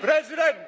president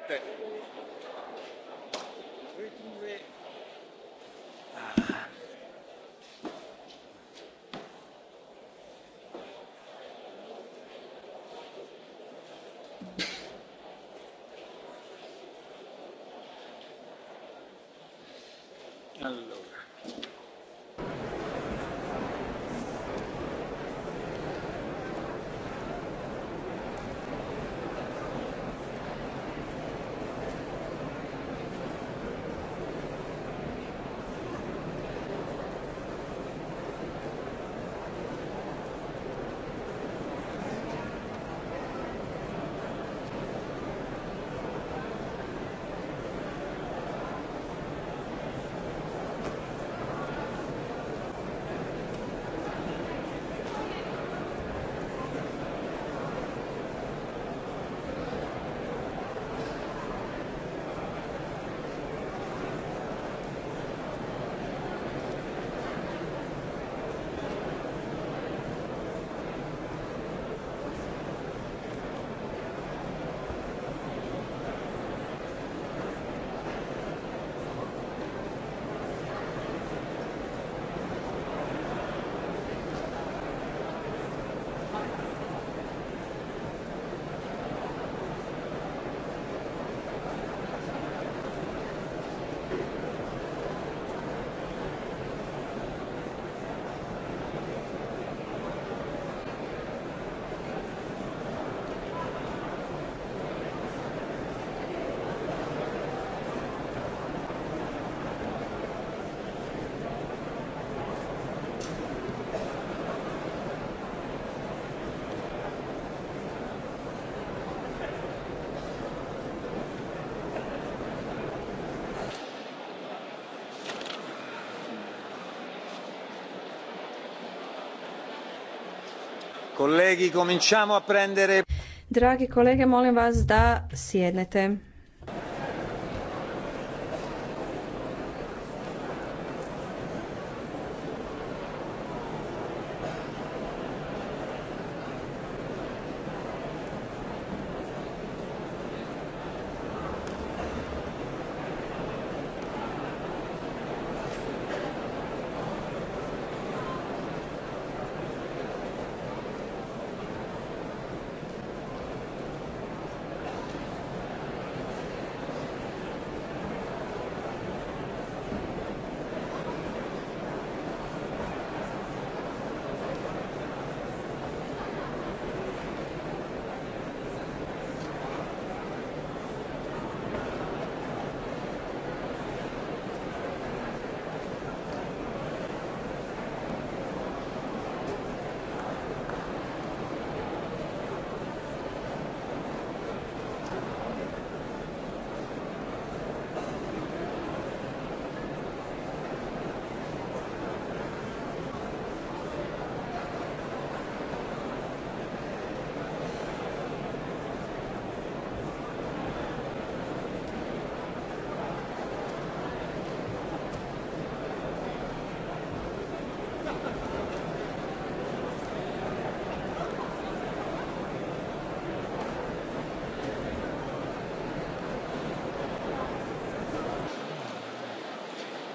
Kolegi, cominciamo a prendere... Dragi kolege, molim vas da sjednete.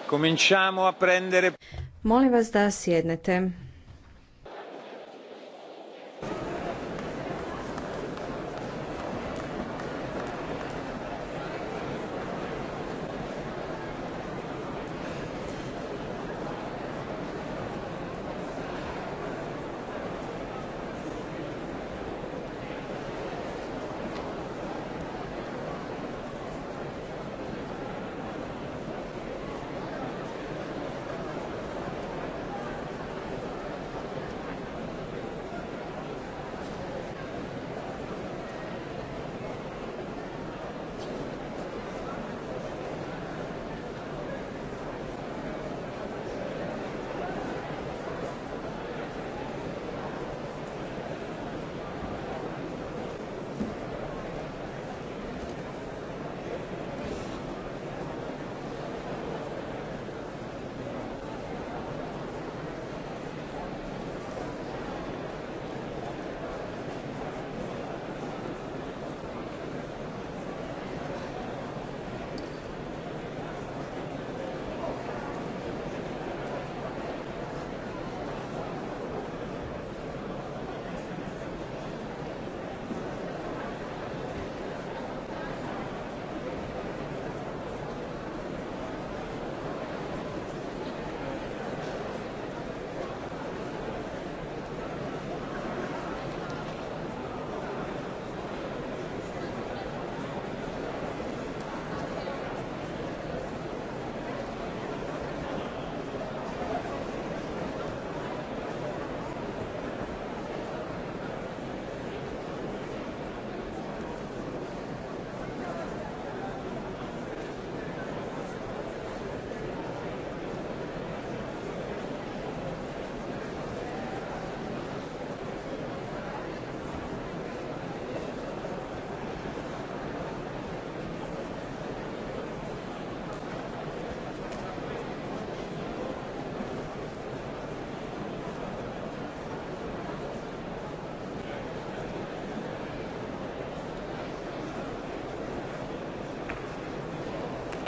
Cominciamo a prendere... Molim vas da sjednete.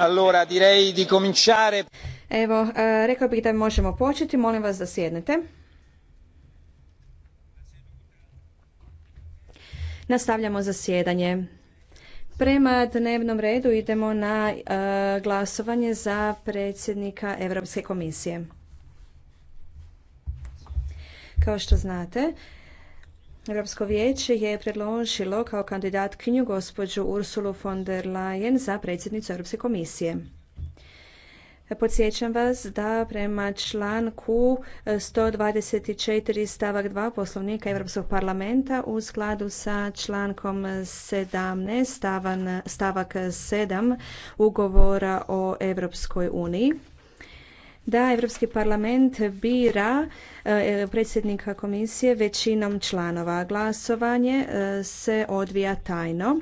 Allora, direi di cominciare. Evo, eh, rekao bih da možemo početi, molim vas da sjednete. Nastavljamo zasjedanje. Prema dnevnom redu idemo na eh, glasovanje za predsjednika Europske komisije. Kao što znate, Europsko vijeće je predložilo kao kandidatkinju gospođu Ursulu von der Leyen za predsjednicu Europske komisije. Podsjećam vas da prema članku 124 stavak 2 poslovnika Europskog parlamenta u skladu sa člankom 17 stavak 7 ugovora o Europskoj uniji da Europski parlament bira eh, predsjednika komisije većinom članova. Glasovanje eh, se odvija tajno.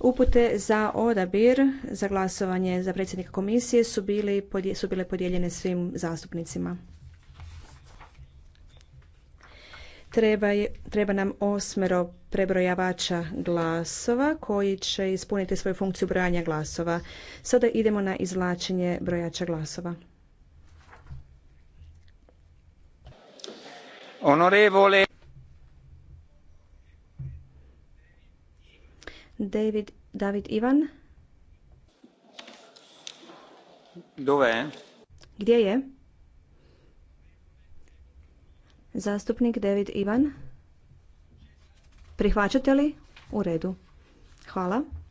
Upute za odabir za glasovanje za predsjednika komisije su, su bile podijeljene svim zastupnicima. Treba, treba nam osmero prebrojavača glasova koji će ispuniti svoju funkciju brojanja glasova. Sada idemo na izvlačenje brojača glasova. Onorevole David, David Ivan. Dove? Gdje je? Zastupnik David Ivan. Prihvaćate li? U redu. Hvala.